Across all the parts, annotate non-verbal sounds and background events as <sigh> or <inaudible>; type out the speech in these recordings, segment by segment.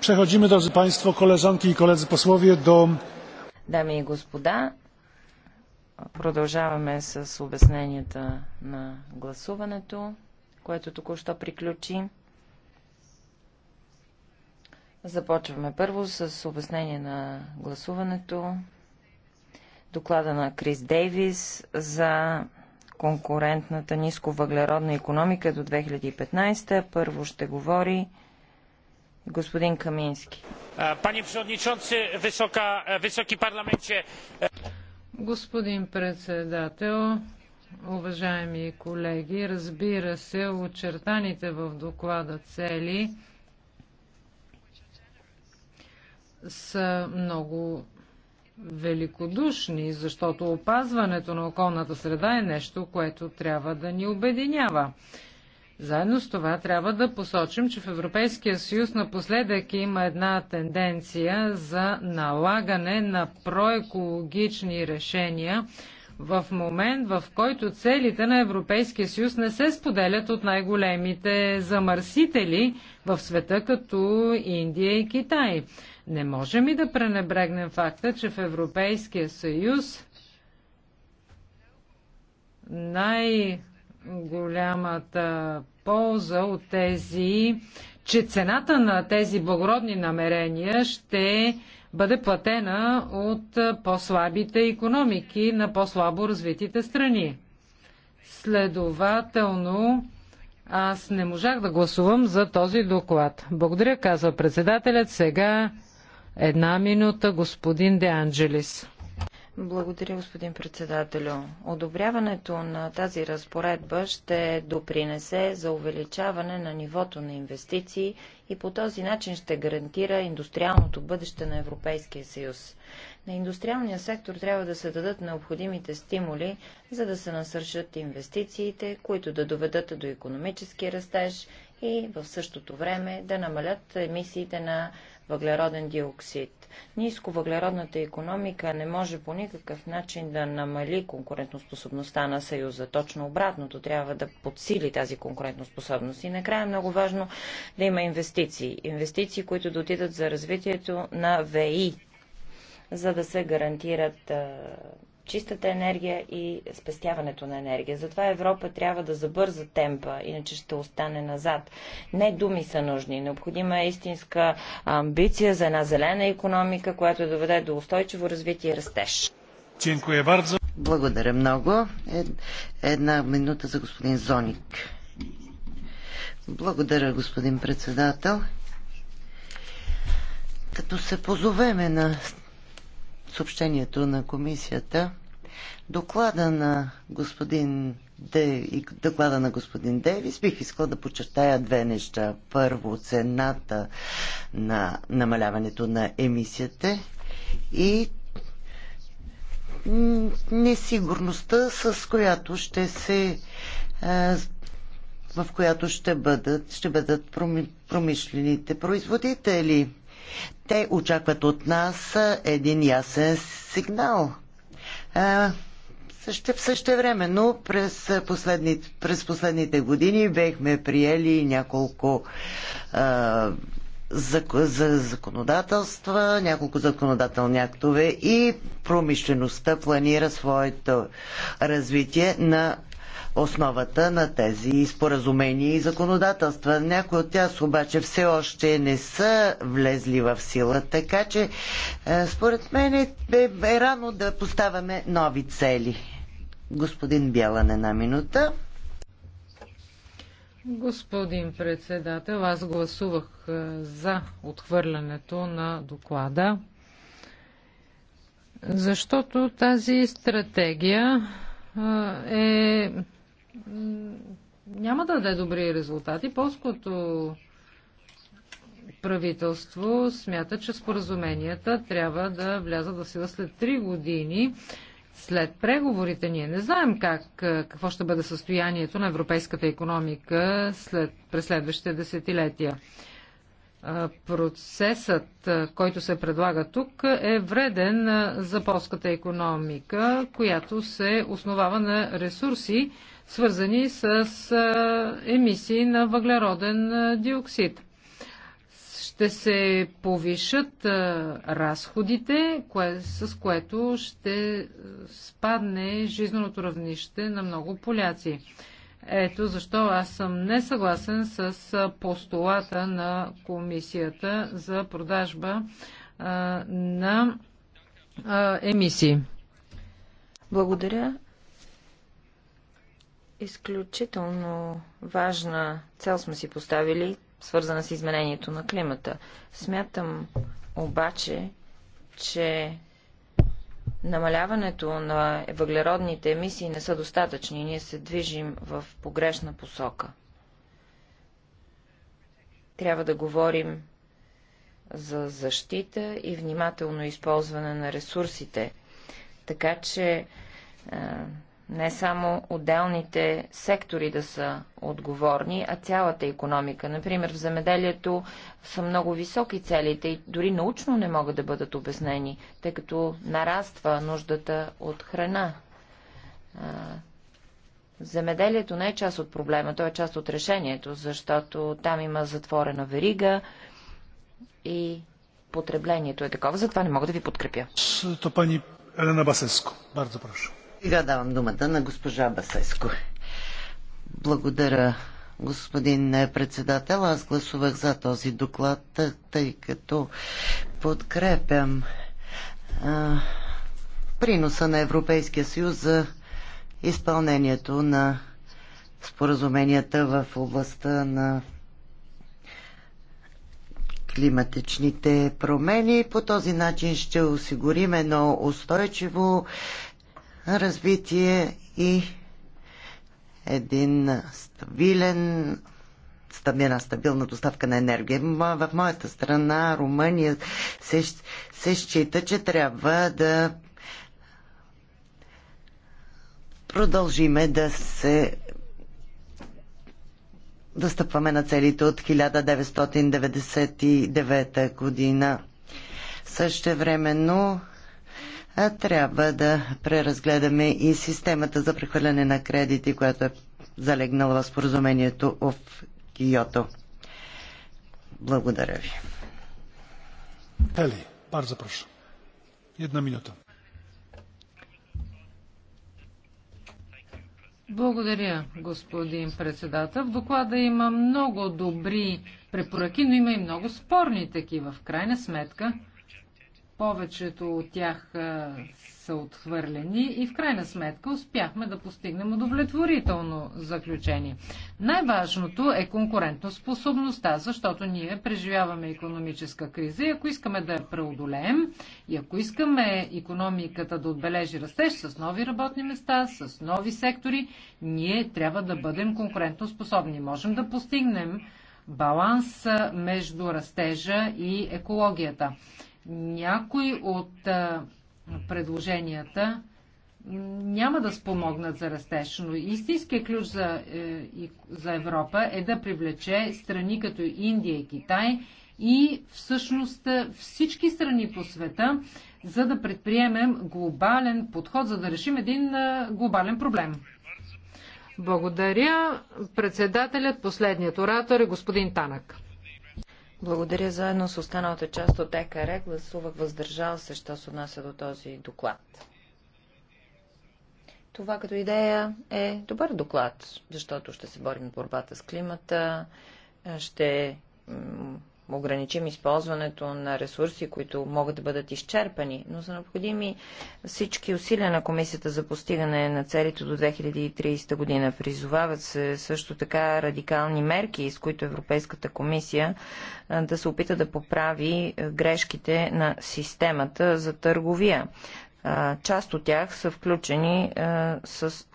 Przechodzimy, drodzy Państwo, koleżanki i koledzy posłowie, do... Дами и господа, продължаваме с обясненията на гласуването, което току-що приключи. Започваме първо с обяснение на гласуването. Доклада на Крис Дейвис за конкурентната ниско въглеродна економика до 2015. Първо ще говори господин Камински. Пане Przewodniczący, Високи парламенте. Господин председател, уважаеми колеги, разбира се, очертаните в доклада цели – са много великодушни, защото опазването на околната среда е нещо, което трябва да ни обединява. Заедно с това трябва да посочим, че в Европейския съюз напоследък има една тенденция за налагане на проекологични решения в момент, в който целите на Европейския съюз не се споделят от най-големите замърсители в света, като Индия и Китай. Не можем и да пренебрегнем факта, че в Европейския съюз най-голямата полза от тези, че цената на тези благородни намерения ще бъде платена от по-слабите економики на по-слабо развитите страни. Следователно, аз не можах да гласувам за този доклад. Благодаря, казва председателят. Сега Една минута, господин Де Анджелис. Благодаря, господин председателю. Одобряването на тази разпоредба ще допринесе за увеличаване на нивото на инвестиции и по този начин ще гарантира индустриалното бъдеще на Европейския съюз. На индустриалния сектор трябва да се дадат необходимите стимули, за да се насършат инвестициите, които да доведат до економически растеж и в същото време да намалят емисиите на въглероден диоксид. Ниско въглеродната економика не може по никакъв начин да намали конкурентоспособността на Съюза. Точно обратното трябва да подсили тази конкурентоспособност. И накрая е много важно да има инвестиции. Инвестиции, които дотидат за развитието на ВИ, за да се гарантират чистата енергия и спестяването на енергия. Затова Европа трябва да забърза темпа, иначе ще остане назад. Не думи са нужни. Необходима е истинска амбиция за една зелена економика, която да доведе до устойчиво развитие и растеж. Благодаря много. Една минута за господин Зоник. Благодаря, господин председател. Като се позовеме на съобщението на комисията. Доклада на господин Дей, и доклада на господин Дейвис бих искала да подчертая две неща. Първо, цената на намаляването на емисията и несигурността, с която ще се е, в която ще бъдат, ще бъдат промишлените производители. Те очакват от нас един ясен сигнал. А, също, в същото време, но през последните, през последните години бехме приели няколко а, за законодателства, няколко законодателни актове и промишлеността планира своето развитие на основата на тези споразумения и законодателства. Някои от тях обаче все още не са влезли в сила, така че е, според мен е, е, е рано да поставяме нови цели. Господин Бялан, една минута. Господин председател, аз гласувах е, за отхвърлянето на доклада, защото тази стратегия е, е няма да даде добри резултати. Полското правителство смята, че споразуменията трябва да влязат в сила след 3 години след преговорите. Ние не знаем как, какво ще бъде състоянието на европейската економика след, през следващите десетилетия. Процесът, който се предлага тук, е вреден за полската економика, която се основава на ресурси, свързани с емисии на въглероден диоксид. Ще се повишат разходите, с което ще спадне жизненото равнище на много поляци. Ето защо аз съм несъгласен с постулата на комисията за продажба а, на а, емисии. Благодаря. Изключително важна цел сме си поставили, свързана с изменението на климата. Смятам обаче, че намаляването на въглеродните емисии не са достатъчни. Ние се движим в погрешна посока. Трябва да говорим за защита и внимателно използване на ресурсите. Така че е, не само отделните сектори да са отговорни, а цялата економика. Например, в земеделието са много високи целите и дори научно не могат да бъдат обяснени, тъй като нараства нуждата от храна. Земеделието не е част от проблема, то е част от решението, защото там има затворена верига и потреблението е такова, затова не мога да ви подкрепя. Елена Басеско. Бардо прошу. Сега давам думата на госпожа Басеско. Благодаря, господин председател. Аз гласувах за този доклад, тъй като подкрепям а, приноса на Европейския съюз за изпълнението на споразуменията в областта на климатичните промени. По този начин ще осигурим едно устойчиво развитие и един стабилен стабилна, стабилна доставка на енергия. В моята страна, Румъния, се, се счита, че трябва да продължиме да се да стъпваме на целите от 1999 година. Същевременно трябва да преразгледаме и системата за прехвърляне на кредити, която е залегнала в споразумението в Киото. Благодаря ви. Тели, bardzo proszę. Една минута. Благодаря, господин председател. В доклада има много добри препоръки, но има и много спорни такива. В крайна сметка, повечето от тях са отхвърлени и в крайна сметка успяхме да постигнем удовлетворително заключение. Най-важното е конкурентоспособността, защото ние преживяваме економическа криза и ако искаме да я преодолеем и ако искаме економиката да отбележи растеж с нови работни места, с нови сектори, ние трябва да бъдем конкурентоспособни. Можем да постигнем баланс между растежа и екологията. Някои от предложенията няма да спомогнат за растеж, но истинския ключ за, е, за Европа е да привлече страни като Индия и Китай и всъщност всички страни по света, за да предприемем глобален подход, за да решим един е, глобален проблем. Благодаря. Председателят, последният оратор е господин Танък. Благодаря. Заедно с останалата част от ЕКР гласувах въздържал се, що се отнася до този доклад. Това като идея е добър доклад, защото ще се борим борбата с климата, ще ограничим използването на ресурси, които могат да бъдат изчерпани, но са необходими всички усилия на Комисията за постигане на целите до 2030 година. Призовават се също така радикални мерки, с които Европейската комисия да се опита да поправи грешките на системата за търговия. Част от тях са включени с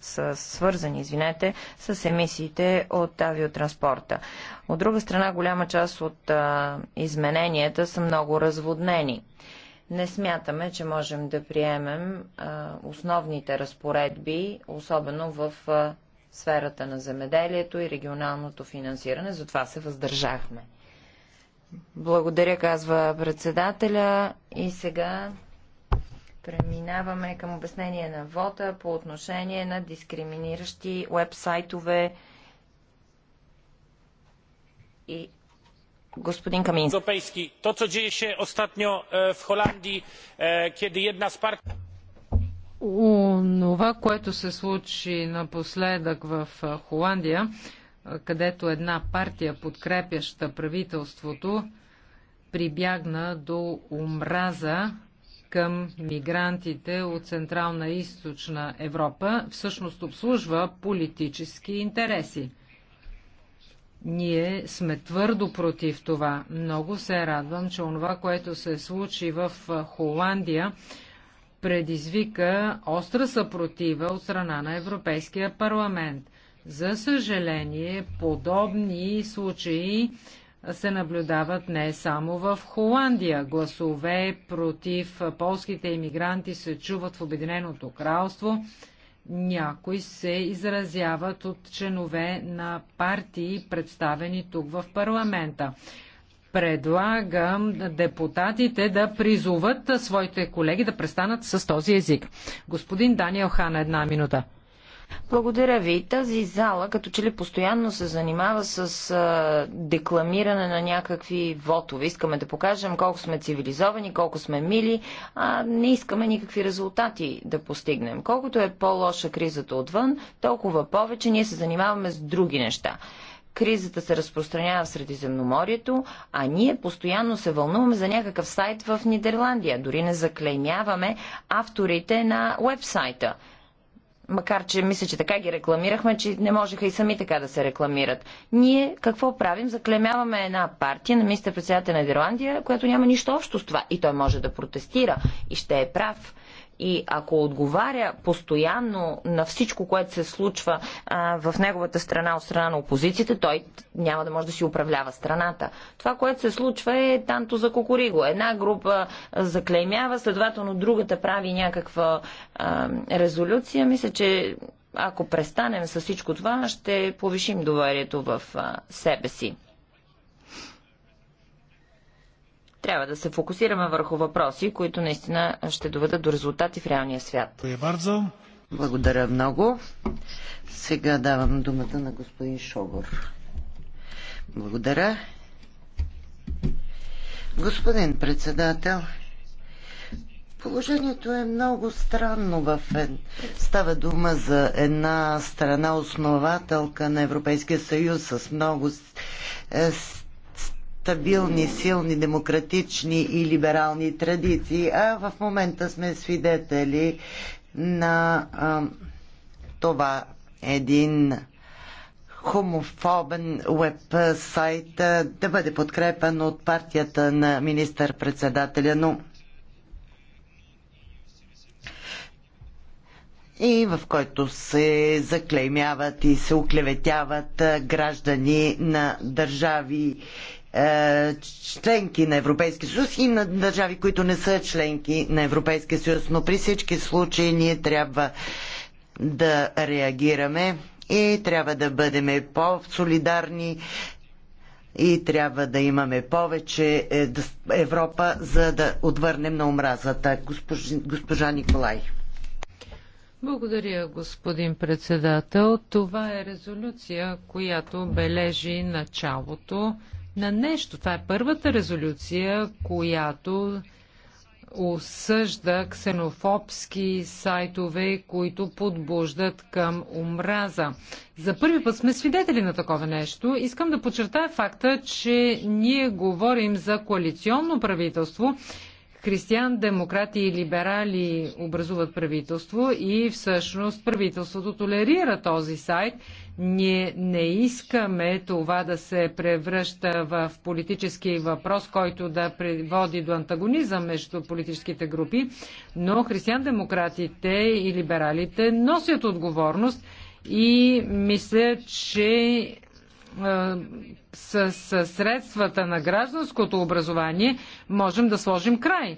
са свързани, извинете, с емисиите от авиотранспорта. От друга страна, голяма част от а, измененията са много разводнени. Не смятаме, че можем да приемем а, основните разпоредби, особено в а, сферата на земеделието и регионалното финансиране, затова се въздържахме. Благодаря, казва председателя. И сега Преминаваме към обяснение на вота по отношение на дискриминиращи уебсайтове и господин Kamiński. To, co dzieje się ostatnio e, w Holandii, e, kiedy jedna z partii... Онова, което се случи напоследък в е, Холандия, е, където една партия, подкрепяща правителството, прибягна до омраза към мигрантите от Централна и Източна Европа всъщност обслужва политически интереси. Ние сме твърдо против това. Много се радвам, че онова, което се случи в Холандия, предизвика остра съпротива от страна на Европейския парламент. За съжаление, подобни случаи се наблюдават не само в Холандия. Гласове против полските иммигранти се чуват в Обединеното кралство. Някои се изразяват от членове на партии, представени тук в парламента. Предлагам депутатите да призоват своите колеги да престанат с този език. Господин Даниел Хана, една минута. Благодаря ви. Тази зала като че ли постоянно се занимава с а, декламиране на някакви вотове. Искаме да покажем колко сме цивилизовани, колко сме мили, а не искаме никакви резултати да постигнем. Колкото е по-лоша кризата отвън, толкова повече ние се занимаваме с други неща кризата се разпространява в Средиземноморието, а ние постоянно се вълнуваме за някакъв сайт в Нидерландия. Дори не заклеймяваме авторите на вебсайта макар че мисля, че така ги рекламирахме, че не можеха и сами така да се рекламират. Ние какво правим? Заклемяваме една партия на министър-председателя на Ирландия, която няма нищо общо с това. И той може да протестира и ще е прав и ако отговаря постоянно на всичко, което се случва а, в неговата страна от страна на опозицията, той няма да може да си управлява страната. Това, което се случва е танто за кокориго. Една група заклеймява, следователно другата прави някаква а, резолюция. Мисля, че ако престанем с всичко това, ще повишим доверието в а, себе си. Трябва да се фокусираме върху въпроси, които наистина ще доведат до резултати в реалния свят. Благодаря много. Сега давам думата на господин Шогор. Благодаря. Господин председател, Положението е много странно в Става дума за една страна основателка на Европейския съюз с много е, стабилни, силни, демократични и либерални традиции, а в момента сме свидетели на а, това един хомофобен веб-сайт да бъде подкрепен от партията на министър-председателя, но и в който се заклеймяват и се оклеветяват граждани на държави е, членки на Европейския съюз и на държави, които не са членки на Европейския съюз. Но при всички случаи ние трябва да реагираме и трябва да бъдем по-солидарни и трябва да имаме повече е, Европа, за да отвърнем на омразата. Госпожа, госпожа Николай. Благодаря, господин председател. Това е резолюция, която бележи началото на нещо. Това е първата резолюция, която осъжда ксенофобски сайтове, които подбуждат към омраза. За първи път сме свидетели на такова нещо. Искам да подчертая факта, че ние говорим за коалиционно правителство християн-демократи и либерали образуват правителство и всъщност правителството толерира този сайт. Ние не искаме това да се превръща в политически въпрос, който да води до антагонизъм между политическите групи, но християн-демократите и либералите носят отговорност и мисля, че е, с, с средствата на гражданското образование можем да сложим край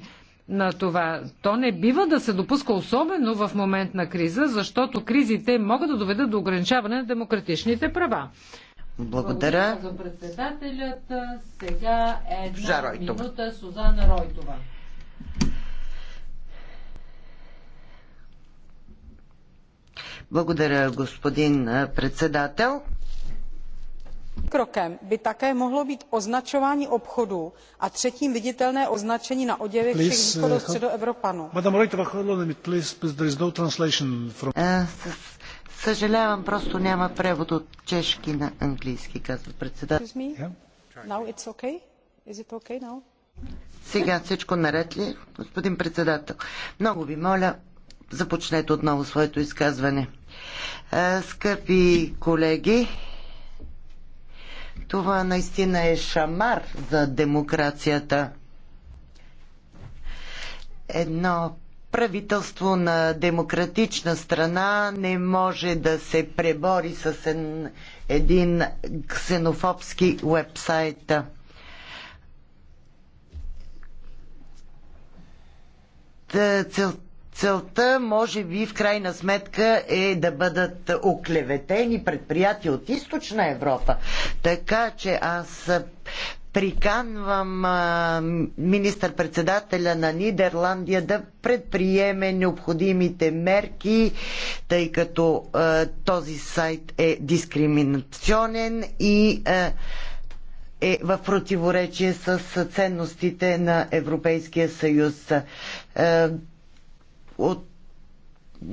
на това. То не бива да се допуска особено в момент на криза, защото кризите могат да доведат до ограничаване на демократичните права. Благодаря. Благодаря за председателят. Сега една минута Сузана Ройтова. Благодаря, господин председател krokem by také mohlo být označování obchodů a třetím viditelné označení na oděvech všech eh, východostředoevropanů. Е, съжалявам, просто няма превод от чешки на английски, казва председател. Сега всичко наред ли, господин председател? Много ви моля, започнете отново своето изказване. Е, скъпи колеги, това наистина е шамар за демокрацията. Едно правителство на демократична страна не може да се пребори с един ксенофобски вебсайт. Целта Целта, може би, в крайна сметка е да бъдат оклеветени предприятия от източна Европа. Така че аз приканвам министър-председателя на Нидерландия да предприеме необходимите мерки, тъй като а, този сайт е дискриминационен и а, е в противоречие с ценностите на Европейския съюз. А, от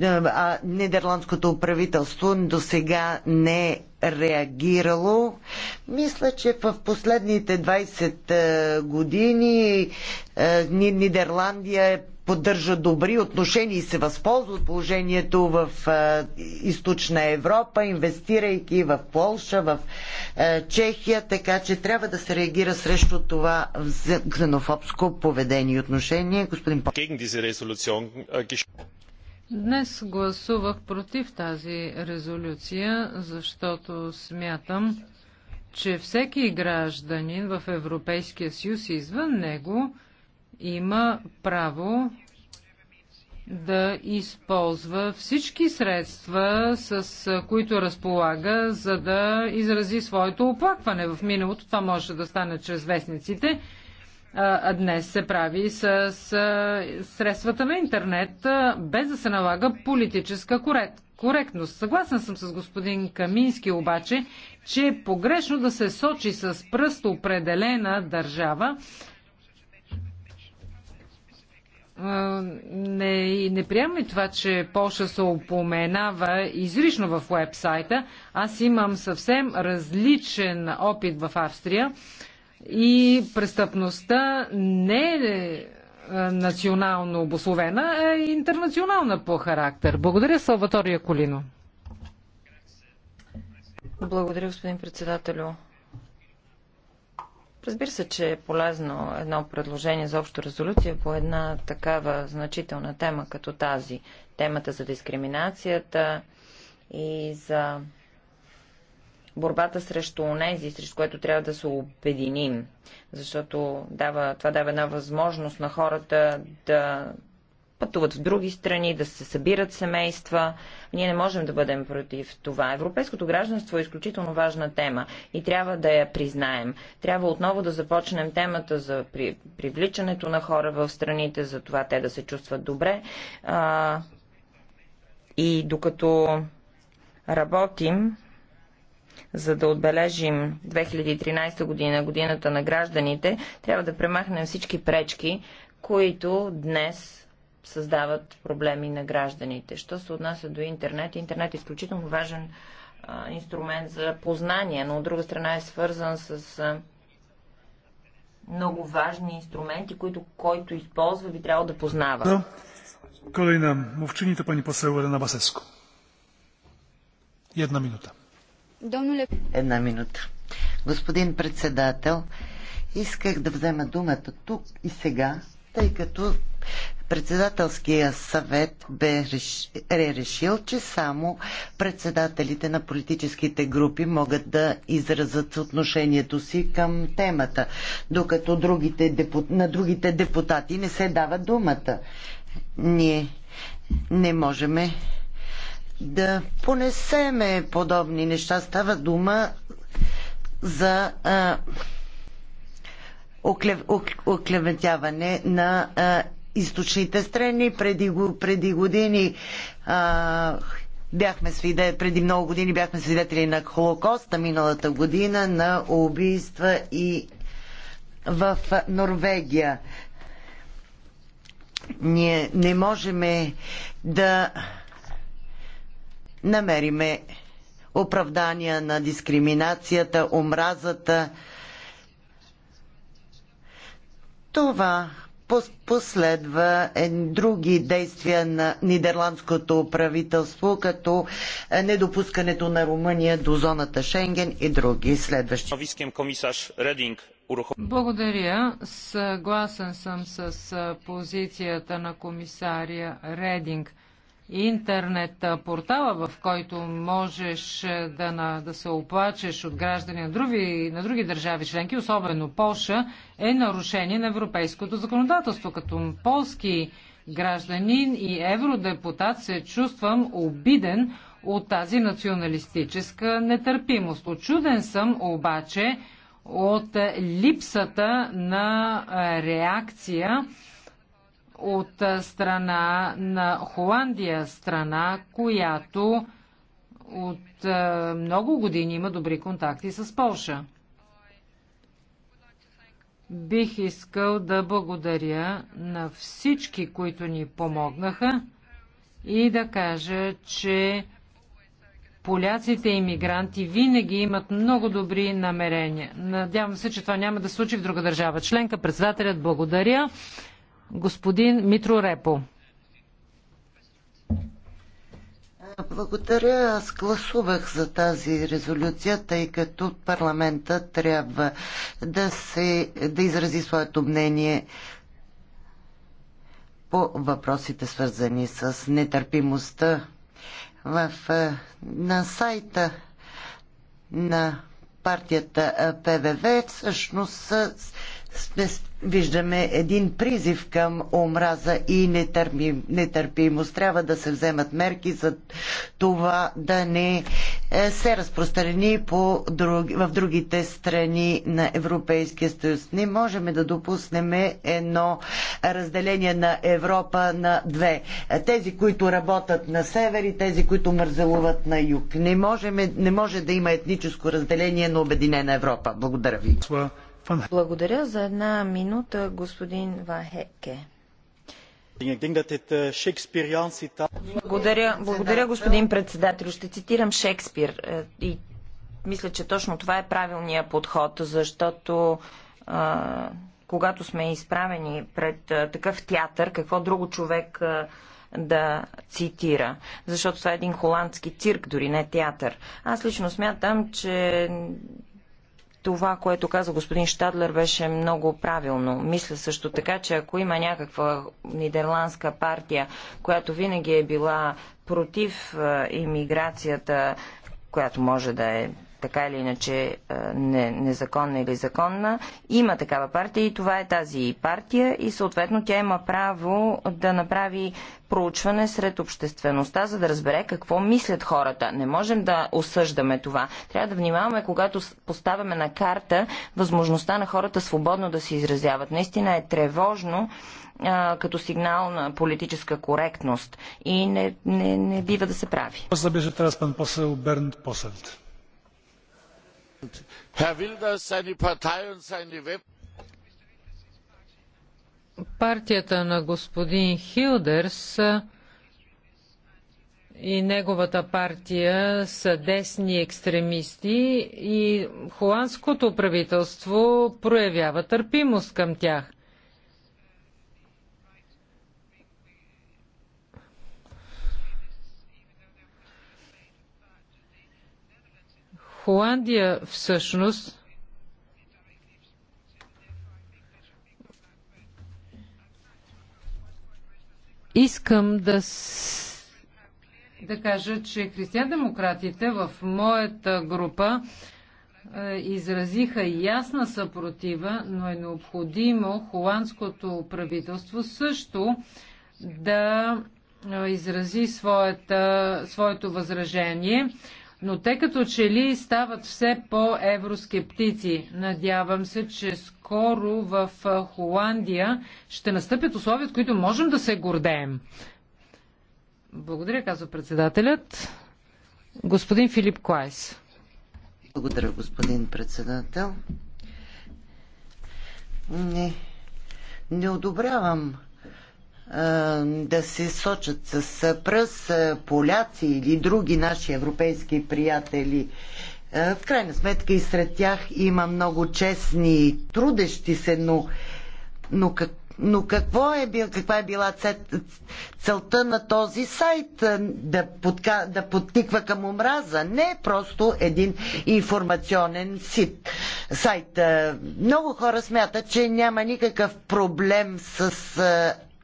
а нидерландското правителство до сега не е реагирало. Мисля, че в последните 20 години Нидерландия е поддържа добри отношения и се възползва от положението в източна Европа, инвестирайки в Полша, в Чехия, така че трябва да се реагира срещу това ксенофобско поведение и отношение. Господин äh, Днес гласувах против тази резолюция, защото смятам, че всеки гражданин в Европейския съюз и извън него има право да използва всички средства, с които разполага, за да изрази своето оплакване. В миналото това може да стане чрез вестниците, а днес се прави с средствата на интернет, без да се налага политическа коректност. Съгласен съм с господин Камински обаче, че е погрешно да се сочи с пръст определена държава, не, не и това, че Польша се упоменава изрично в уебсайта. Аз имам съвсем различен опит в Австрия и престъпността не е, е национално обословена, а е интернационална по характер. Благодаря, Салватория Колино. Благодаря, господин председателю. Разбира се, че е полезно едно предложение за общо резолюция по една такава значителна тема като тази. Темата за дискриминацията и за борбата срещу онези, срещу което трябва да се обединим. Защото дава, това дава една възможност на хората да пътуват в други страни, да се събират семейства. Ние не можем да бъдем против това. Европейското гражданство е изключително важна тема и трябва да я признаем. Трябва отново да започнем темата за при, привличането на хора в страните, за това те да се чувстват добре. А, и докато работим, за да отбележим 2013 година, годината на гражданите, трябва да премахнем всички пречки, които днес създават проблеми на гражданите. Що се отнася до интернет? Интернет е изключително важен а, инструмент за познание, но от друга страна е свързан с а, много важни инструменти, които който използва би трябвало да познава. Да. Kolejna мовчините пани pani на Басеско. Една минута. Една минута. Господин председател, исках да взема думата тук и сега, тъй като Председателския съвет бе реш... е решил, че само председателите на политическите групи могат да изразят отношението си към темата, докато другите депут... на другите депутати не се дава думата. Ние не можем да понесеме подобни неща. Става дума за а, оклев, оклеветяване на а, източните страни. Преди, преди години а, бяхме свидетели, преди много години бяхме свидетели на Холокоста миналата година, на убийства и в Норвегия. Ние не можем да намериме оправдания на дискриминацията, омразата. Това последва други действия на нидерландското правителство, като е, недопускането на Румъния до зоната Шенген и други следващи. Благодаря. Съгласен съм с е, позицията на комисария Рединг интернет портала, в който можеш да, на, да се оплачеш от граждани на други, на други държави членки, особено Польша, е нарушение на европейското законодателство. Като полски гражданин и евродепутат се чувствам обиден от тази националистическа нетърпимост. Очуден съм обаче от липсата на реакция от страна на Холандия, страна, която от много години има добри контакти с Полша. Бих искал да благодаря на всички, които ни помогнаха и да кажа, че поляците и мигранти винаги имат много добри намерения. Надявам се, че това няма да случи в друга държава. Членка, председателят, благодаря. Господин Митро Репо. Благодаря. Аз гласувах за тази резолюция, тъй като парламента трябва да, се, да изрази своето мнение по въпросите, свързани с нетърпимостта в, е, на сайта на партията е, ПВВ всъщност е, виждаме един призив към омраза и нетърпим, нетърпимост. Трябва да се вземат мерки за това да не е, се разпространи по друг, в другите страни на Европейския съюз. Не можем да допуснем едно разделение на Европа на две. Тези, които работят на север и тези, които мързелуват на юг. Не, можем, не може да има етническо разделение на Обединена Европа. Благодаря ви. Благодаря за една минута, господин Вахеке. Благодаря, благодаря, господин председател. Ще цитирам Шекспир е, и мисля, че точно това е правилният подход, защото а, е, когато сме изправени пред а, е, такъв театър, какво друго човек а, да цитира, защото това е един холандски цирк, дори не театър. Аз лично смятам, че това, което каза господин Штадлер, беше много правилно. Мисля също така, че ако има някаква нидерландска партия, която винаги е била против е, иммиграцията, която може да е така или иначе не, незаконна или законна. Има такава партия и това е тази партия и съответно тя има право да направи проучване сред обществеността, за да разбере какво мислят хората. Не можем да осъждаме това. Трябва да внимаваме, когато поставяме на карта възможността на хората свободно да се изразяват. Наистина е тревожно като сигнал на политическа коректност и не, не, не бива да се прави. Забежа teraz pan посъл Bernd Poselt. Herr Wilders, seine Partei und seine партията на господин Хилдерс и неговата партия са десни екстремисти и холандското правителство проявява търпимост към тях. Холандия всъщност искам да да кажа, че християн-демократите в моята група е, изразиха ясна съпротива, но е необходимо холандското правителство също да е, изрази своята, своето възражение но те като че ли стават все по-евроскептици. Надявам се, че скоро в Холандия ще настъпят условия, от които можем да се гордеем. Благодаря, казва председателят. Господин Филип Клайс. Благодаря, господин председател. Не, не одобрявам да се сочат с пръст поляци или други наши европейски приятели. В крайна сметка и сред тях има много честни, трудещи се, но, но, как, но какво е бил, каква е била целта на този сайт? Да, подка, да подтиква към омраза? Не, просто един информационен сит, сайт. Много хора смятат, че няма никакъв проблем с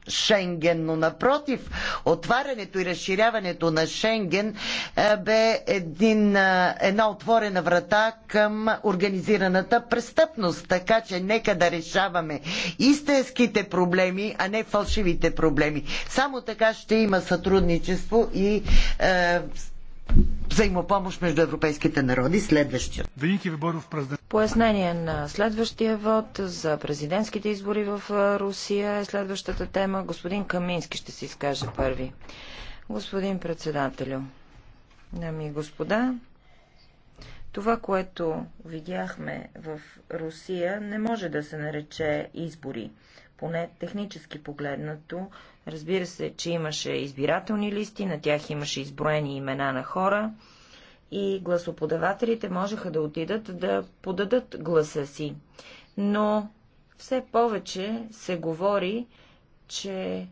Шенген, но напротив, отварянето и разширяването на Шенген е, бе един, е, една отворена врата към организираната престъпност. Така че нека да решаваме истинските проблеми, а не фалшивите проблеми. Само така ще има сътрудничество и е, взаимопомощ между европейските народи. Следващия. Велики виборов президент. Пояснение на следващия вод за президентските избори в Русия е следващата тема. Господин Камински ще се изкаже първи. Господин председателю, дами и господа, това, което видяхме в Русия, не може да се нарече избори, поне технически погледнато, Разбира се, че имаше избирателни листи, на тях имаше изброени имена на хора и гласоподавателите можеха да отидат да подадат гласа си. Но все повече се говори, че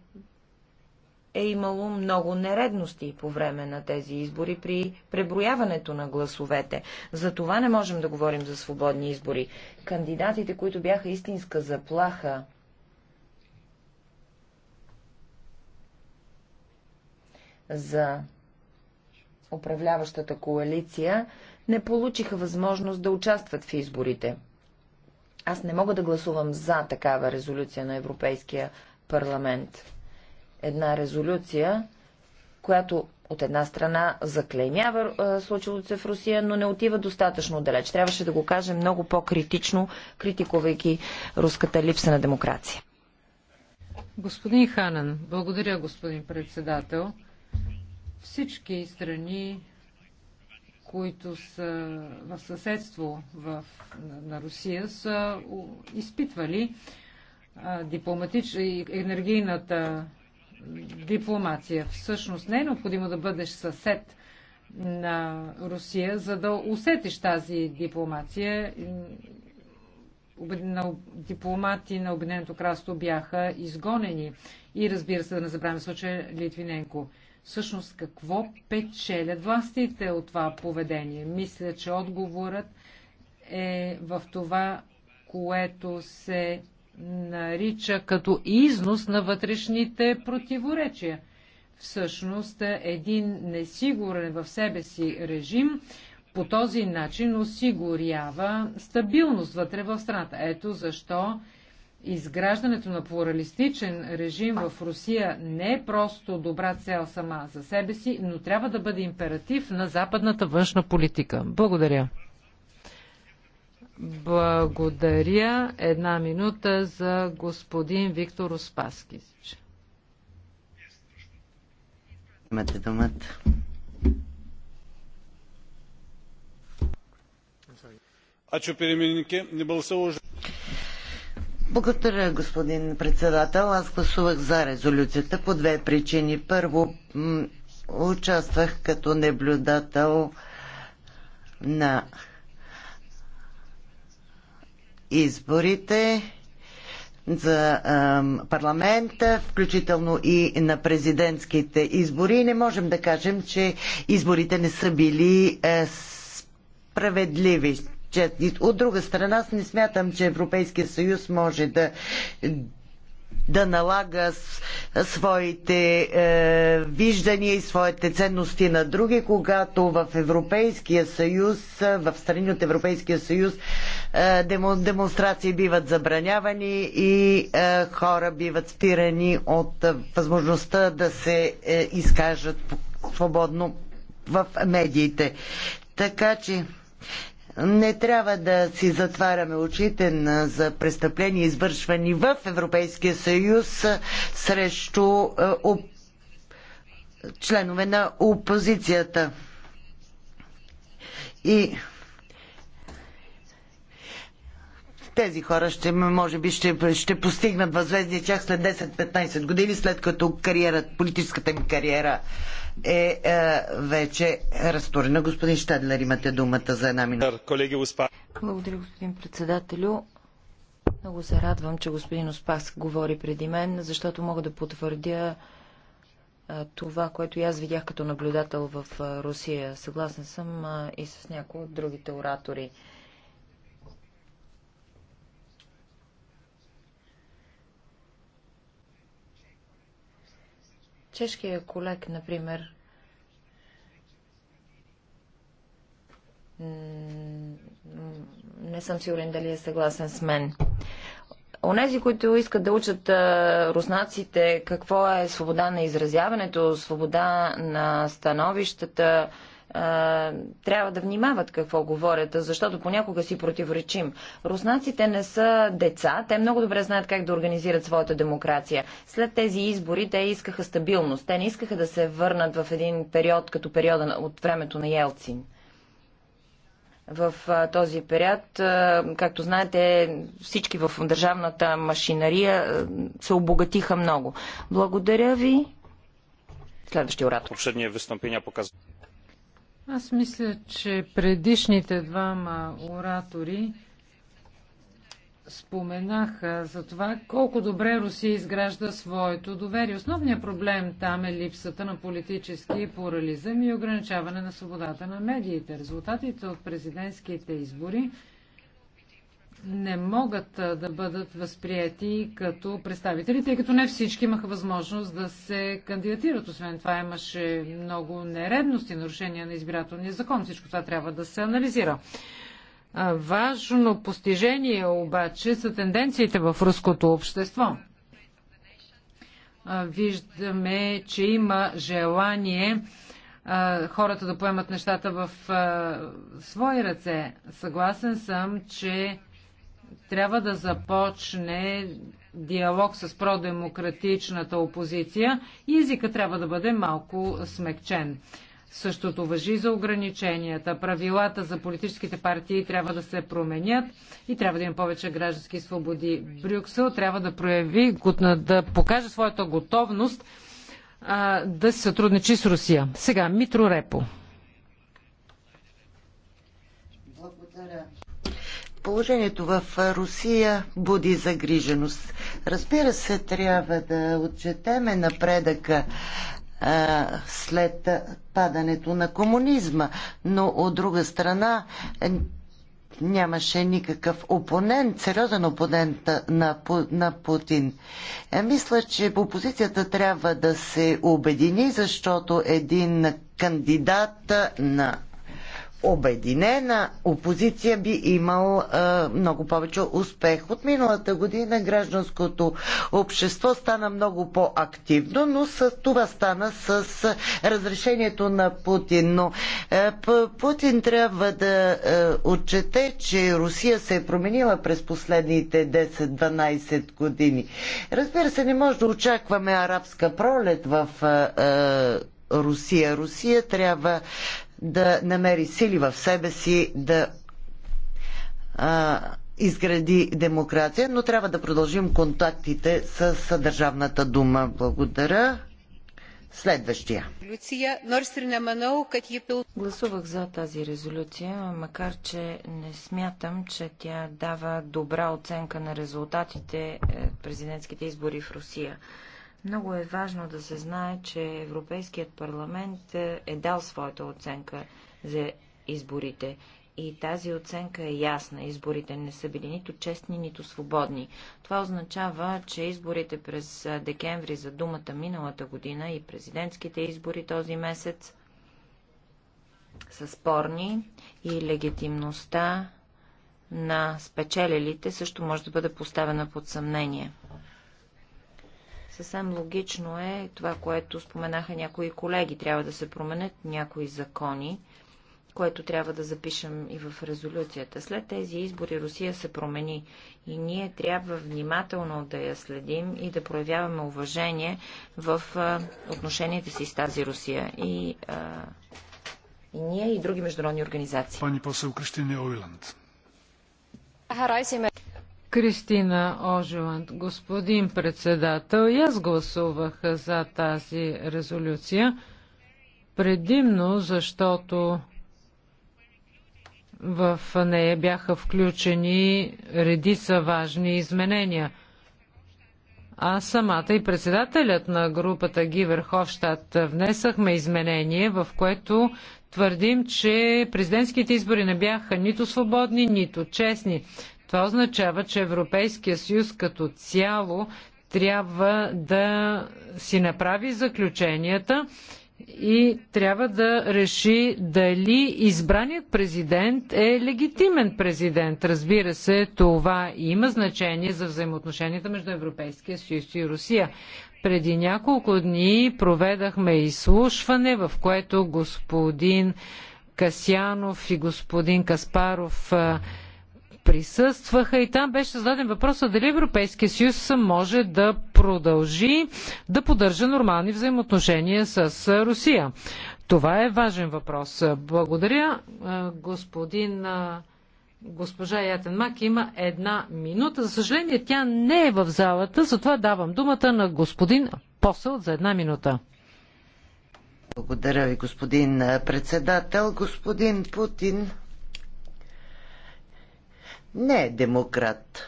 е имало много нередности по време на тези избори при преброяването на гласовете. За това не можем да говорим за свободни избори. Кандидатите, които бяха истинска заплаха за управляващата коалиция, не получиха възможност да участват в изборите. Аз не мога да гласувам за такава резолюция на Европейския парламент. Една резолюция, която от една страна заклеймява случилото се в Русия, но не отива достатъчно далеч. Трябваше да го кажем много по-критично, критикувайки руската липса на демокрация. Господин Ханан, благодаря, господин председател. Всички страни, които са в съседство в, на Русия, са изпитвали дипломатич... енергийната дипломация. Всъщност не е необходимо да бъдеш съсед на Русия, за да усетиш тази дипломация. На дипломати на Обединеното кралство бяха изгонени. И разбира се, да не забравяме случая Литвиненко. Всъщност какво печелят властите от това поведение? Мисля, че отговорът е в това, което се нарича като износ на вътрешните противоречия. Всъщност един несигурен в себе си режим по този начин осигурява стабилност вътре в страната. Ето защо изграждането на плуралистичен режим в Русия не е просто добра цел сама за себе си, но трябва да бъде императив на западната външна политика. Благодаря. Благодаря. Една минута за господин Виктор Успаскич. Имате думата. Ačiū не nebalsavau už. Благодаря, господин председател. Аз гласувах за резолюцията по две причини. Първо, участвах като наблюдател на изборите за парламента, включително и на президентските избори. Не можем да кажем, че изборите не са били е, справедливи че от друга страна аз не смятам, че Европейския съюз може да да налага своите е, виждания и своите ценности на други, когато в Европейския съюз, в страни от Европейския съюз, е, демонстрации биват забранявани и е, хора биват спирани от е, възможността да се е, изкажат свободно в медиите. Така че не трябва да си затваряме очите за престъпления, извършвани в Европейския съюз срещу членове на опозицията. И тези хора ще, може би ще, ще постигнат възвездия чак след 10-15 години, след като кариерат, политическата им кариера е, е вече разтворена. Господин Штадлер, имате думата за една минута. Благодаря, господин председателю. Много се радвам, че господин Оспас говори преди мен, защото мога да потвърдя е, това, което и аз видях като наблюдател в е, Русия. Съгласен съм е, и с някои от другите оратори. чешкия колег, например, не съм сигурен дали е съгласен с мен. Онези, които искат да учат а, руснаците какво е свобода на изразяването, свобода на становищата, а, трябва да внимават какво говорят, защото понякога си противоречим. Руснаците не са деца, те много добре знаят как да организират своята демокрация. След тези избори те искаха стабилност, те не искаха да се върнат в един период като периода от времето на Елцин в този период. Както знаете, всички в държавната машинария се обогатиха много. Благодаря ви. Следващия оратор. Последния показва. Аз мисля, че предишните двама оратори споменаха за това колко добре Русия изгражда своето доверие. Основният проблем там е липсата на политически плурализъм и ограничаване на свободата на медиите. Резултатите от президентските избори не могат да бъдат възприяти като представители, тъй като не всички имаха възможност да се кандидатират. Освен това имаше много нередности, нарушения на избирателния закон. Всичко това трябва да се анализира. Важно постижение обаче са тенденциите в руското общество. Виждаме, че има желание хората да поемат нещата в свои ръце. Съгласен съм, че трябва да започне диалог с продемократичната опозиция и езика трябва да бъде малко смекчен. Същото въжи за ограниченията. Правилата за политическите партии трябва да се променят и трябва да има повече граждански свободи. Брюксел трябва да прояви, да покаже своята готовност а, да се сътрудничи с Русия. Сега, Митро Репо. Благодаря. Положението в Русия буди загриженост. Разбира се, трябва да отчетеме напредъка а, след падането на комунизма, но от друга страна е, нямаше никакъв опонент, сериозен опонент на, на Путин. Я е, мисля, че опозицията трябва да се обедини, защото един кандидат на обединена опозиция би имал а, е, много повече успех. От миналата година гражданското общество стана много по-активно, но с, това стана с разрешението на Путин. Но е, Путин трябва да е, отчете, че Русия се е променила през последните 10-12 години. Разбира се, не може да очакваме арабска пролет в Русия. Русия трябва да намери сили в себе си да а, изгради демокрация, но трябва да продължим контактите с, Държавната дума. Благодаря. Следващия. Гласувах за тази резолюция, макар че не смятам, че тя дава добра оценка на резултатите е, президентските избори в Русия. Много е важно да се знае, че Европейският парламент е, е дал своята оценка за изборите. И тази оценка е ясна. Изборите не са били нито честни, нито свободни. Това означава, че изборите през декември за думата миналата година и президентските избори този месец са спорни и легитимността на спечелилите също може да бъде поставена под съмнение. Съвсем логично е това, което споменаха някои колеги. Трябва да се променят някои закони, което трябва да запишем и в резолюцията. След тези избори Русия се промени и ние трябва внимателно да я следим и да проявяваме уважение в отношенията си с тази Русия. И, а, и ние и други международни организации. Пани посъл Кристина Ойланд. Кристина Ожеланд, господин председател, и аз гласувах за тази резолюция, предимно защото в нея бяха включени редица важни изменения. Аз самата и председателят на групата Гиверховщад внесахме изменение, в което твърдим, че президентските избори не бяха нито свободни, нито честни. Това означава, че Европейския съюз като цяло трябва да си направи заключенията и трябва да реши дали избраният президент е легитимен президент. Разбира се, това има значение за взаимоотношенията между Европейския съюз и Русия. Преди няколко дни проведахме изслушване, в което господин Касянов и господин Каспаров присъстваха и там беше зададен въпроса дали Европейския съюз може да продължи да поддържа нормални взаимоотношения с Русия. Това е важен въпрос. Благодаря. Господин госпожа Ятенмак има една минута. За съжаление, тя не е в залата, затова давам думата на господин Посъл за една минута. Благодаря ви, господин председател. Господин Путин не е демократ.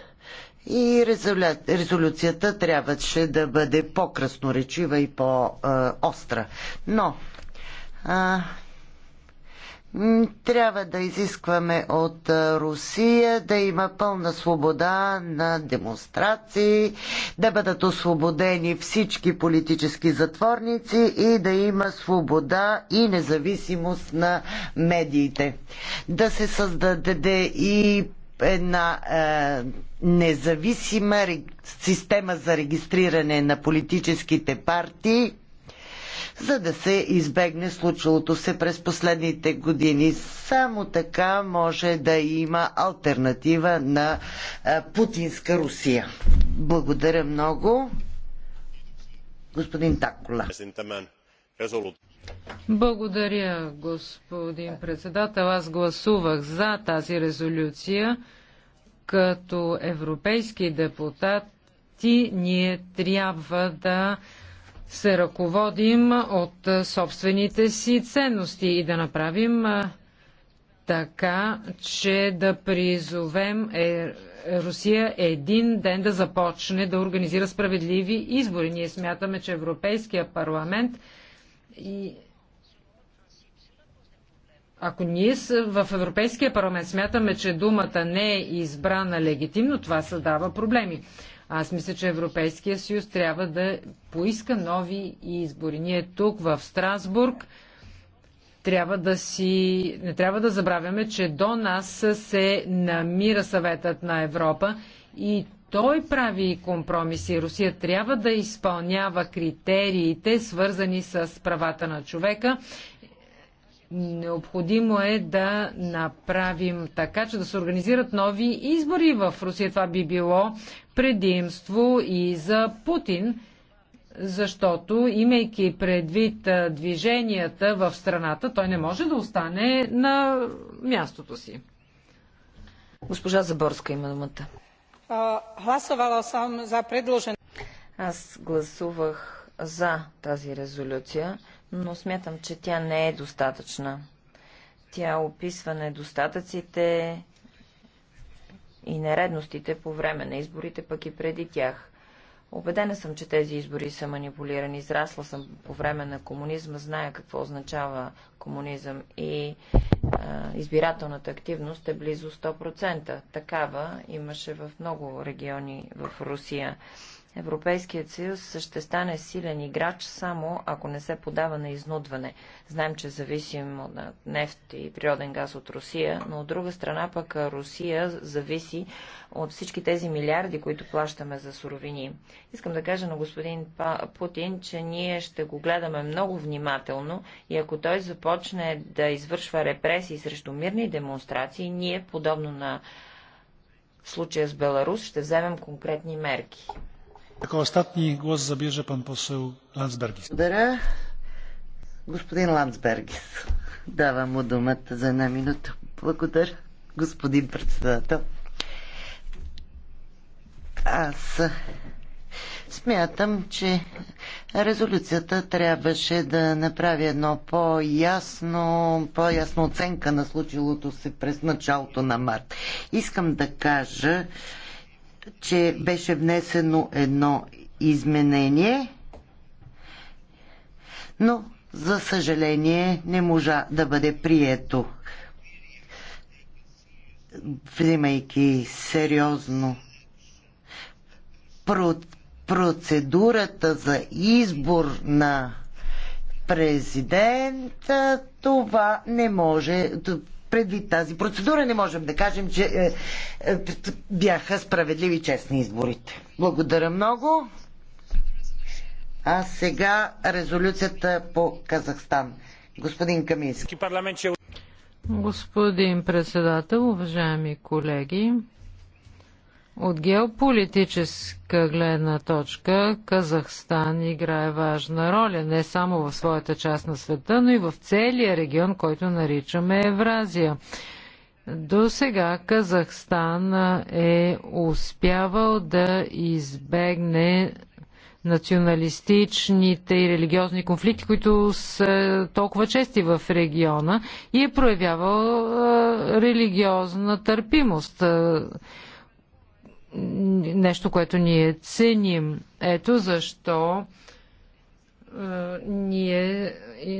И резолю... резолюцията трябваше да бъде по-красноречива и по-остра. Но а, трябва да изискваме от Русия да има пълна свобода на демонстрации, да бъдат освободени всички политически затворници и да има свобода и независимост на медиите. Да се създаде и една е, независима система за регистриране на политическите партии, за да се избегне случилото се през последните години. Само така може да има альтернатива на е, путинска Русия. Благодаря много. Господин Такола. Благодаря, господин председател. Аз гласувах за тази резолюция. Като европейски депутати ние трябва да се ръководим от собствените си ценности и да направим така, че да призовем е, Русия един ден да започне да организира справедливи избори. Ние смятаме, че Европейския парламент и ако ние в Европейския парламент смятаме, че думата не е избрана легитимно, това създава проблеми. Аз мисля, че Европейския съюз трябва да поиска нови избори. Ние тук в Страсбург трябва да си, не трябва да забравяме, че до нас се намира съветът на Европа и той прави компромиси. Русия трябва да изпълнява критериите, свързани с правата на човека. Необходимо е да направим така, че да се организират нови избори в Русия. Това би било предимство и за Путин защото имайки предвид движенията в страната, той не може да остане на мястото си. Госпожа Заборска има думата. Гласувала съм за предложен. Аз гласувах за тази резолюция, но смятам, че тя не е достатъчна. Тя описва недостатъците и нередностите по време на изборите, пък и преди тях. Обедена съм, че тези избори са манипулирани. Израсла съм по време на комунизма, зная какво означава комунизъм и а, избирателната активност е близо 100%. Такава имаше в много региони в Русия. Европейският съюз ще стане силен играч само ако не се подава на изнудване. Знаем, че зависим от нефт и природен газ от Русия, но от друга страна пък Русия зависи от всички тези милиарди, които плащаме за суровини. Искам да кажа на господин Путин, че ние ще го гледаме много внимателно и ако той започне да извършва репресии срещу мирни демонстрации, ние, подобно на случая с Беларус, ще вземем конкретни мерки. Jako ostatni głos zabierze pan poseł Landsbergis. Благодаря. Господин Ландсбергис, <laughs> давам му думата за една минута. Благодаря, господин председател. Аз смятам, че резолюцията трябваше да направи едно по-ясно, по ясно оценка на случилото се през началото на март. Искам да кажа, че беше внесено едно изменение, но за съжаление не можа да бъде прието. Взимайки сериозно процедурата за избор на президента, това не може предвид тази процедура, не можем да кажем, че е, е, бяха справедливи и честни изборите. Благодаря много. А сега резолюцията по Казахстан. Господин Камински. Господин председател, уважаеми колеги, от геополитическа гледна точка Казахстан играе важна роля не само в своята част на света, но и в целия регион, който наричаме Евразия. До сега Казахстан е успявал да избегне националистичните и религиозни конфликти, които са толкова чести в региона и е проявявал религиозна търпимост нещо, което ние ценим. Ето защо ние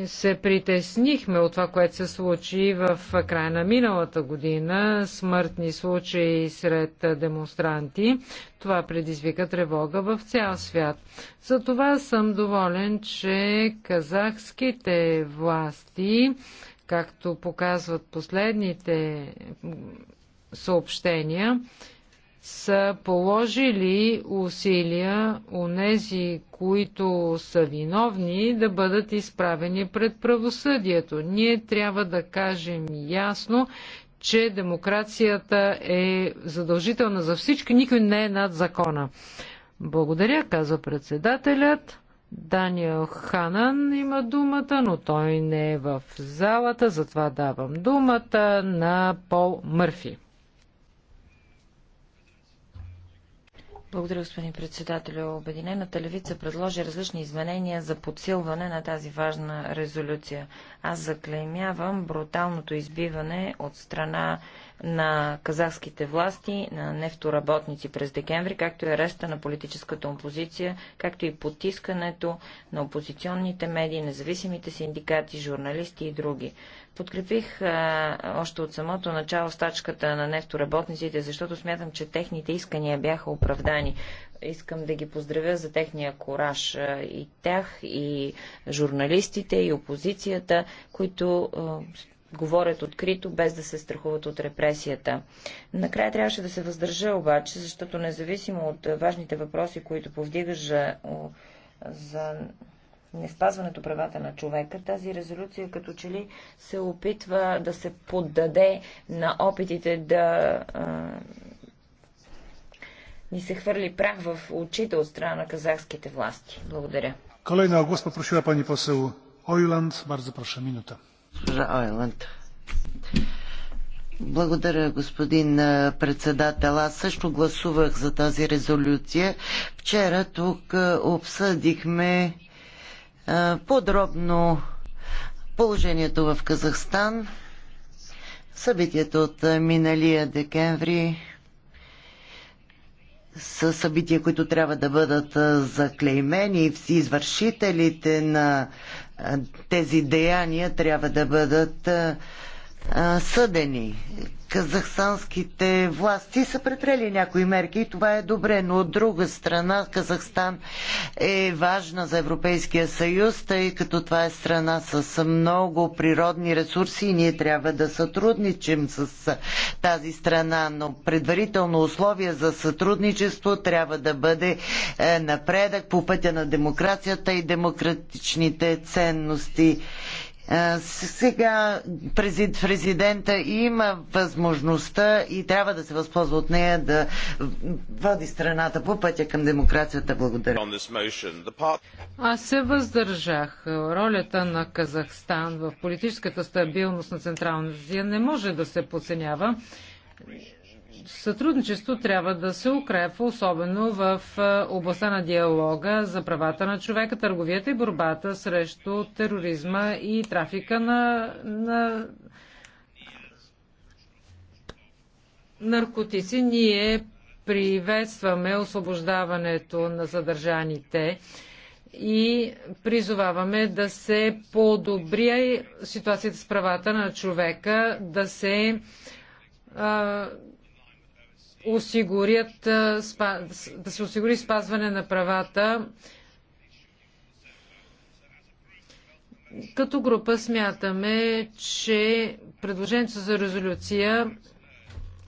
се притеснихме от това, което се случи в края на миналата година. Смъртни случаи сред демонстранти. Това предизвика тревога в цял свят. Затова съм доволен, че казахските власти, както показват последните съобщения, са положили усилия у нези, които са виновни, да бъдат изправени пред правосъдието. Ние трябва да кажем ясно, че демокрацията е задължителна за всички, никой не е над закона. Благодаря, каза председателят. Даниел Ханан има думата, но той не е в залата, затова давам думата на Пол Мърфи. Благодаря, господин председател. Обединената левица предложи различни изменения за подсилване на тази важна резолюция. Аз заклеймявам бруталното избиване от страна на казахските власти, на нефтоработници през декември, както и ареста на политическата опозиция, както и потискането на опозиционните медии, независимите синдикати, журналисти и други. Подкрепих а, още от самото начало стачката на нефтоработниците, защото смятам, че техните искания бяха оправдани. Искам да ги поздравя за техния кораж. И тях, и журналистите, и опозицията, които а, говорят открито, без да се страхуват от репресията. Накрая трябваше да се въздържа обаче, защото независимо от важните въпроси, които повдигаш за, за не спазването правата на човека, тази резолюция като че ли се опитва да се поддаде на опитите да ни се хвърли прах в очите от страна на казахските власти. Благодаря. Колейна o głos пани посел Ойланд. бар Bardzo минута. Госпожа Ойланд. Благодаря, господин председател. Аз също гласувах за тази резолюция. Вчера тук обсъдихме подробно положението в Казахстан, събитията от миналия декември са събития, които трябва да бъдат заклеймени. Извършителите на тези деяния трябва да бъдат а, съдени. Казахстанските власти са предприели някои мерки и това е добре, но от друга страна Казахстан е важна за Европейския съюз, тъй като това е страна с много природни ресурси и ние трябва да сътрудничим с тази страна, но предварително условие за сътрудничество трябва да бъде е, напредък по пътя на демокрацията и демократичните ценности. Е, сега президента има възможността и трябва да се възползва от нея да води страната по пътя към демокрацията. Благодаря. Аз се въздържах. Ролята на Казахстан в политическата стабилност на Централна Азия не може да се подценява сътрудничество трябва да се укрепва, особено в е, областта на диалога за правата на човека, търговията и борбата срещу тероризма и трафика на, на наркотици. Ние приветстваме освобождаването на задържаните и призоваваме да се подобри ситуацията с правата на човека, да се е, осигурят, да се осигури спазване на правата. Като група смятаме, че предложението за резолюция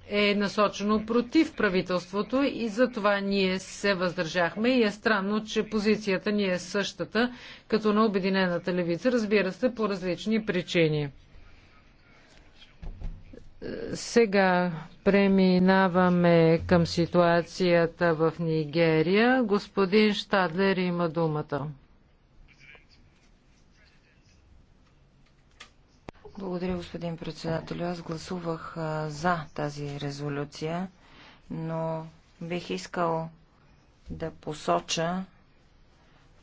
е насочено против правителството и за това ние се въздържахме и е странно, че позицията ни е същата като на Обединената левица, разбира се, по различни причини. Сега преминаваме към ситуацията в Нигерия. Господин Штадлер има думата. Благодаря, господин председател. Аз гласувах а, за тази резолюция, но бих искал да посоча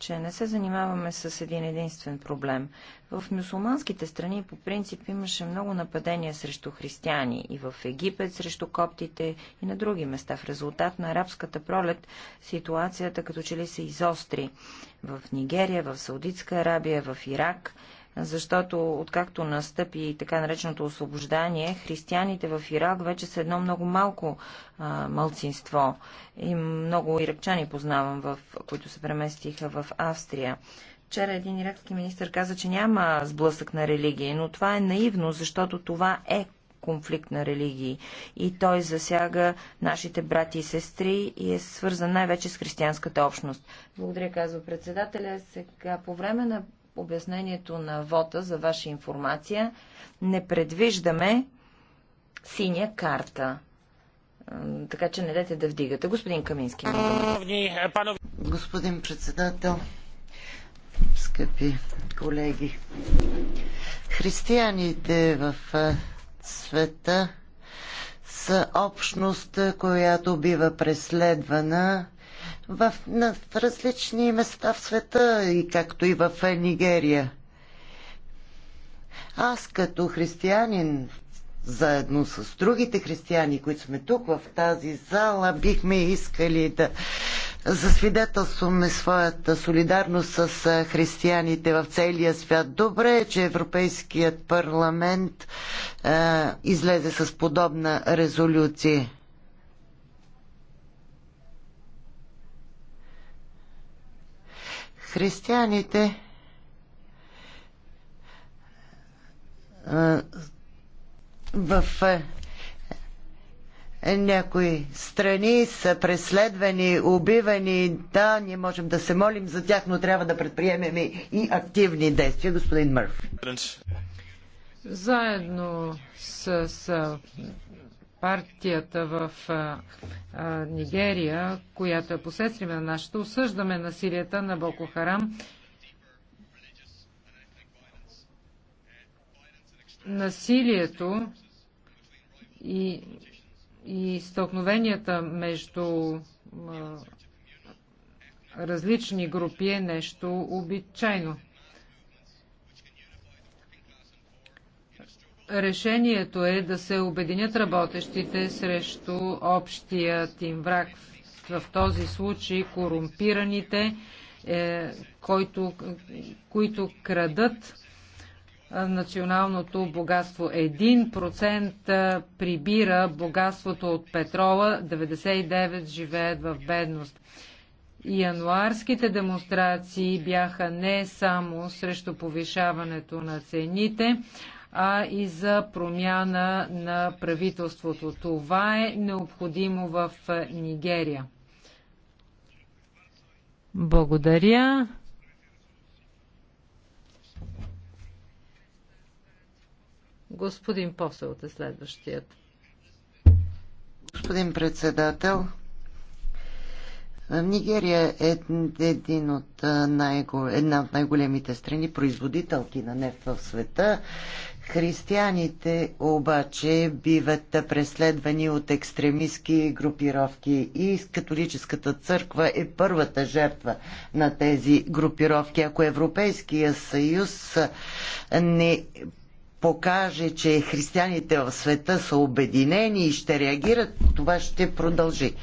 че не се занимаваме с един единствен проблем. В мюсулманските страни по принцип имаше много нападения срещу християни и в Египет срещу коптите и на други места. В резултат на арабската пролет ситуацията като че ли се изостри в Нигерия, в Саудитска Арабия, в Ирак защото откакто настъпи така нареченото освобождание, християните в Ирак вече са едно много малко а, мълцинство. И много иракчани познавам, в, които се преместиха в Австрия. Вчера един иракски министр каза, че няма сблъсък на религии, но това е наивно, защото това е конфликт на религии. И той засяга нашите брати и сестри и е свързан най-вече с християнската общност. Благодаря, казва председателя. Сега по време на обяснението на вота, за ваша информация, не предвиждаме синя карта. Така че не дайте да вдигате. Господин Камински. Господин председател, скъпи колеги, християните в света са общност, която бива преследвана в, на, в различни места в света, и както и в е, Нигерия. Аз като християнин, заедно с другите християни, които сме тук в тази зала, бихме искали да засвидетелстваме своята солидарност с е, християните в целия свят. Добре е, че Европейският парламент е, излезе с подобна резолюция. християните в е, някои страни са преследвани, убивани. Да, ние можем да се молим за тях, но трябва да предприемем и активни действия, господин Мърф. Заедно с партията в а, а, Нигерия, която е последствие на нашата, осъждаме насилията на Боко Харам. Насилието и, и стълкновенията между а, различни групи е нещо обичайно. Решението е да се обединят работещите срещу общият им враг. В този случай корумпираните, е, който, които крадат националното богатство. 1% прибира богатството от петрола, 99% живеят в бедност. Януарските демонстрации бяха не само срещу повишаването на цените, а и за промяна на правителството. Това е необходимо в Нигерия. Благодаря. Господин Посел, е следващият. Господин председател, Нигерия е един от най- една от най-големите страни, производителки на нефт в света Християните обаче биват преследвани от екстремистски групировки и католическата църква е първата жертва на тези групировки. Ако Европейския съюз не покаже, че християните в света са обединени и ще реагират, това ще продължи.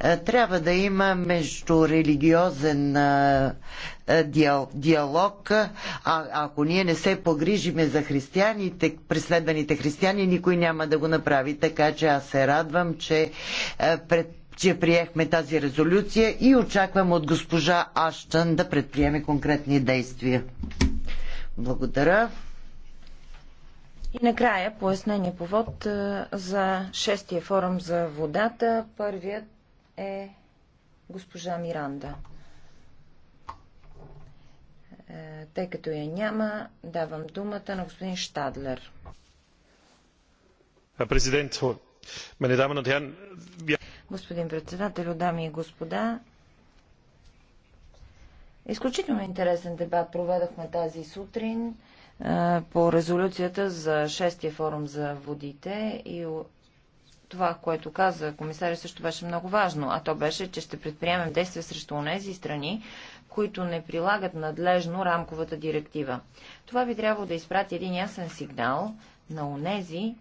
Е, трябва да има междурелигиозен е, е, диалог. А, ако ние не се погрижиме за християните, преследваните християни, никой няма да го направи. Така че аз се радвам, че пред че приехме тази резолюция и очаквам от госпожа Аштън да предприеме конкретни действия. Благодаря. И накрая пояснение по вод за шестия форум за водата. Първият е госпожа Миранда. Е, тъй като я няма, давам думата на господин Штадлер. Е, президент, Господин председател, дами и господа, изключително интересен дебат проведохме тази сутрин по резолюцията за шестия форум за водите и това, което каза комисаря, също беше много важно, а то беше, че ще предприемем действия срещу онези страни, които не прилагат надлежно рамковата директива. Това би трябвало да изпрати един ясен сигнал на онези,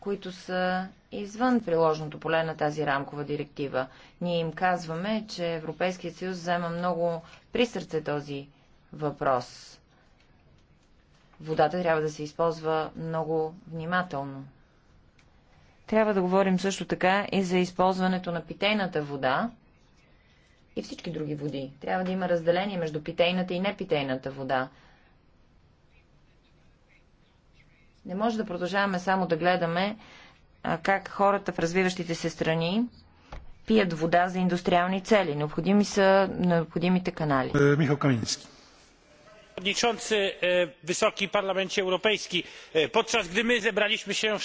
които са извън приложното поле на тази рамкова директива. Ние им казваме, че Европейският съюз взема много при сърце този въпрос водата трябва да се използва много внимателно. Трябва да говорим също така и за използването на питейната вода и всички други води. Трябва да има разделение между питейната и непитейната вода. Не може да продължаваме само да гледаме как хората в развиващите се страни пият вода за индустриални цели. Необходими са необходимите канали. Е, Михал Камински przewodniczący! E, wysoki parlamencie europejski! E, podczas gdy my zebraliśmy się w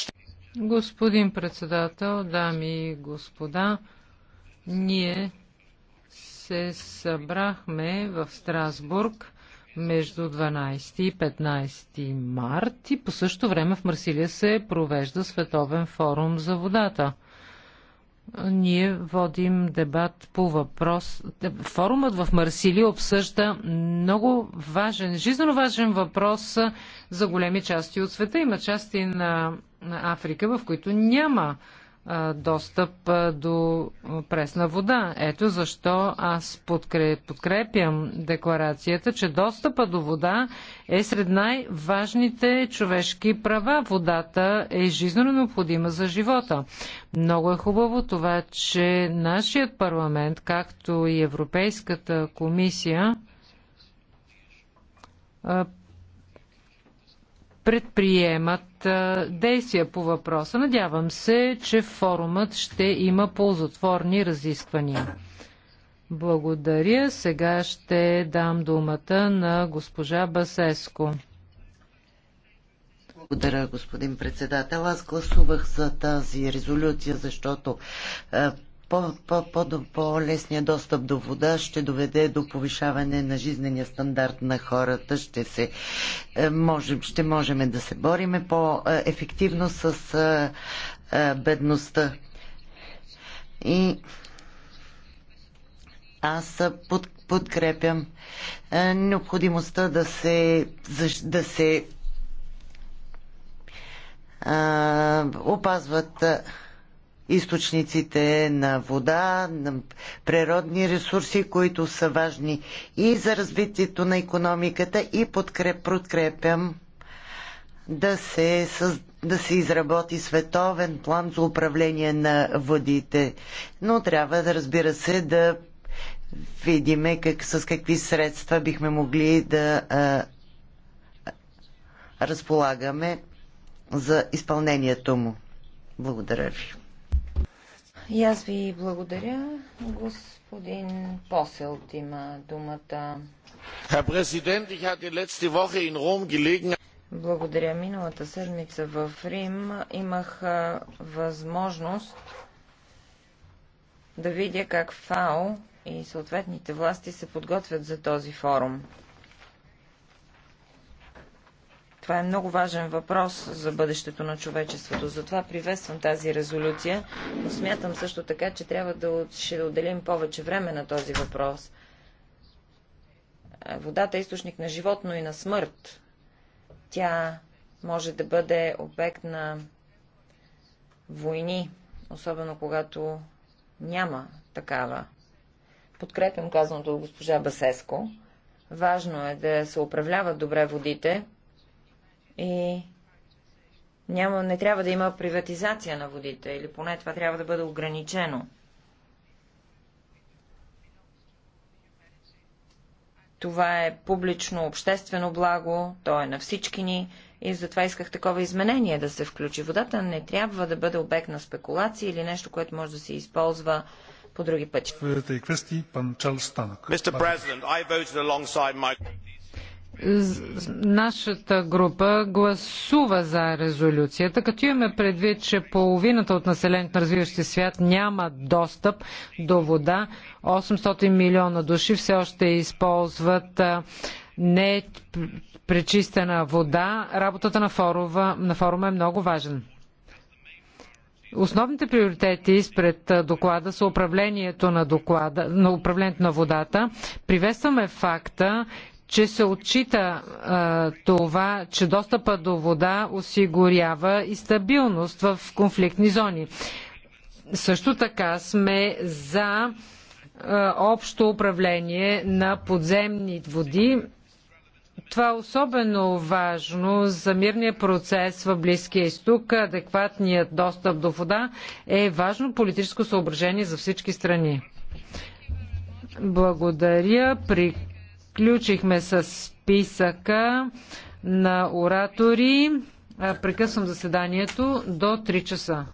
Господин председател, дами и господа, ние се събрахме в Страсбург между 12 и 15 март и по същото време в Марсилия се провежда Световен форум за водата ние водим дебат по въпрос. Форумът в Марсили обсъжда много важен, жизненно важен въпрос за големи части от света. Има части на, на Африка, в които няма достъп до пресна вода. Ето защо аз подкрепям декларацията, че достъпа до вода е сред най-важните човешки права. Водата е жизненно необходима за живота. Много е хубаво това, че нашият парламент, както и Европейската комисия, предприемат действия по въпроса. Надявам се, че форумът ще има ползотворни разисквания. Благодаря. Сега ще дам думата на госпожа Басеско. Благодаря, господин председател. Аз гласувах за тази резолюция, защото по-лесния -по -по -по достъп до вода ще доведе до повишаване на жизнения стандарт на хората. Ще, се, е, можем, ще можем да се бориме по-ефективно с е, е, бедността. И аз под, подкрепям необходимостта да се, да се а, опазват източниците на вода, на природни ресурси, които са важни и за развитието на економиката и подкреп, подкрепям да се, да се изработи световен план за управление на водите. Но трябва да разбира се да видиме как, с какви средства бихме могли да а, разполагаме за изпълнението му. Благодаря ви. И аз ви благодаря. Господин Поселт има думата. Благодаря. Миналата седмица в Рим имах възможност да видя как ФАО и съответните власти се подготвят за този форум. Това е много важен въпрос за бъдещето на човечеството. Затова приветствам тази резолюция, но смятам също така, че трябва да ще отделим повече време на този въпрос. Водата е източник на живот, но и на смърт. Тя може да бъде обект на войни, особено когато няма такава. Подкрепям казаното от госпожа Басеско. Важно е да се управляват добре водите, и няма, не трябва да има приватизация на водите, или поне това трябва да бъде ограничено. Това е публично, обществено благо, то е на всички ни и затова исках такова изменение да се включи. Водата не трябва да бъде обект на спекулации или нещо, което може да се използва по други пъти. Нашата група гласува за резолюцията, като имаме предвид, че половината от населението на развиващия свят няма достъп до вода. 800 милиона души все още използват не пречистена вода. Работата на форума, на форума е много важен. Основните приоритети спред доклада са управлението на, доклада, на управлението на водата. Приветстваме факта, че се отчита а, това, че достъпа до вода осигурява и стабилност в конфликтни зони. Също така сме за а, общо управление на подземни води. Това е особено важно за мирния процес в Близкия изток. Адекватният достъп до вода е важно политическо съображение за всички страни. Благодаря. При приключихме с списъка на оратори. Прекъсвам заседанието до 3 часа.